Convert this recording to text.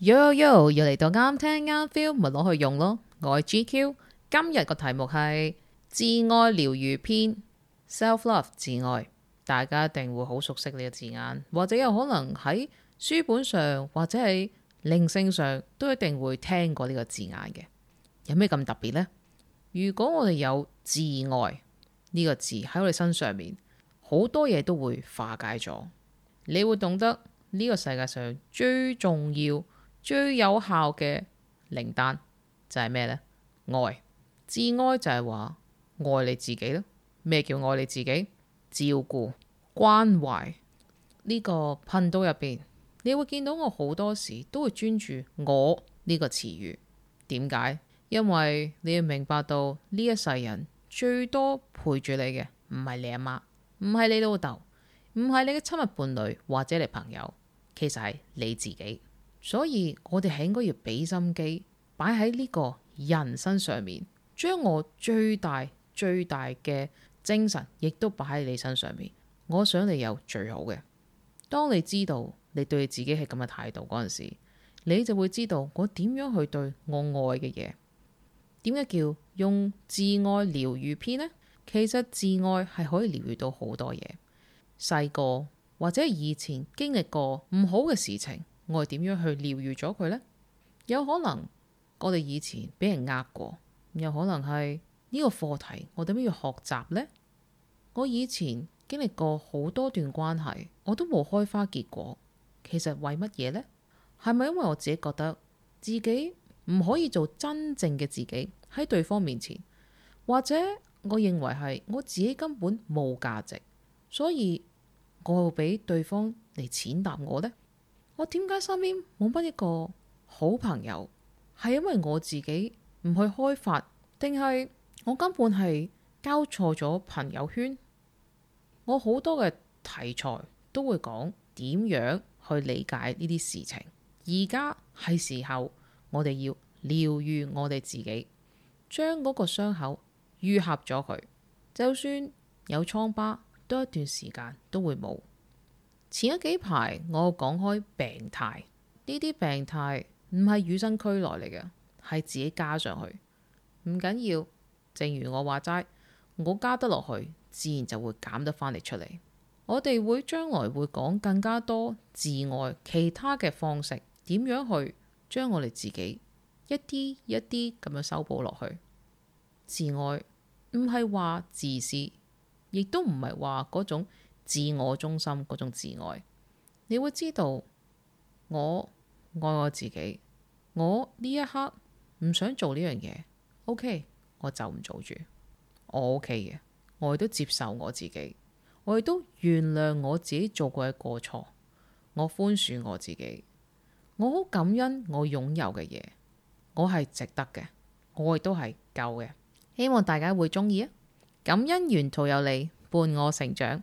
Yo Yo，又嚟到啱聽啱 feel，咪攞去用咯。我係 G Q，今日個題目係自愛療愈篇 （self love 自愛），大家一定會好熟悉呢個字眼，或者有可能喺書本上或者係靈性上都一定會聽過呢個字眼嘅。有咩咁特別呢？如果我哋有自愛呢個字喺我哋身上面，好多嘢都會化解咗。你會懂得呢個世界上最重要。最有效嘅靈丹就係咩呢？愛自愛就係話愛你自己咯。咩叫愛你自己？照顧關懷。呢個頻道入邊，你會見到我好多時都會專注我呢個詞語。點解？因為你要明白到呢一世人最多陪住你嘅唔係你阿媽，唔係你老豆，唔係你嘅親密伴侶或者你朋友，其實係你自己。所以我哋係應該要俾心機擺喺呢個人身上面，將我最大最大嘅精神，亦都擺喺你身上面。我想你有最好嘅。當你知道你對自己係咁嘅態度嗰陣時，你就會知道我點樣去對我愛嘅嘢。點解叫用自愛療愈篇呢？其實自愛係可以療愈到好多嘢。細個或者以前經歷過唔好嘅事情。我點樣去療癒咗佢呢？有可能我哋以前俾人呃過，有可能係呢個課題，我點解要學習呢？我以前經歷過好多段關係，我都冇開花結果，其實為乜嘢呢？係咪因為我自己覺得自己唔可以做真正嘅自己喺對方面前，或者我認為係我自己根本冇價值，所以我俾對方嚟踐踏我呢？我點解身邊冇乜一個好朋友？係因為我自己唔去開發，定係我根本係交錯咗朋友圈？我好多嘅題材都會講點樣去理解呢啲事情。而家係時候我哋要療癒我哋自己，將嗰個傷口愈合咗佢。就算有瘡疤，多一段時間都會冇。前一幾排我講開病態，呢啲病態唔係與生俱來嚟嘅，係自己加上去。唔緊要，正如我話齋，我加得落去，自然就會減得返嚟出嚟。我哋會將來會講更加多自愛，其他嘅方式點樣去將我哋自己一啲一啲咁樣修補落去。自愛唔係話自私，亦都唔係話嗰種。自我中心嗰種自愛，你會知道我愛我自己。我呢一刻唔想做呢樣嘢，OK，我就唔做住。我 OK 嘅，我亦都接受我自己，我亦都原諒我自己做過嘅過錯，我寬恕我自己，我好感恩我擁有嘅嘢，我係值得嘅，我亦都係夠嘅。希望大家會中意啊！感恩沿途有你伴我成長。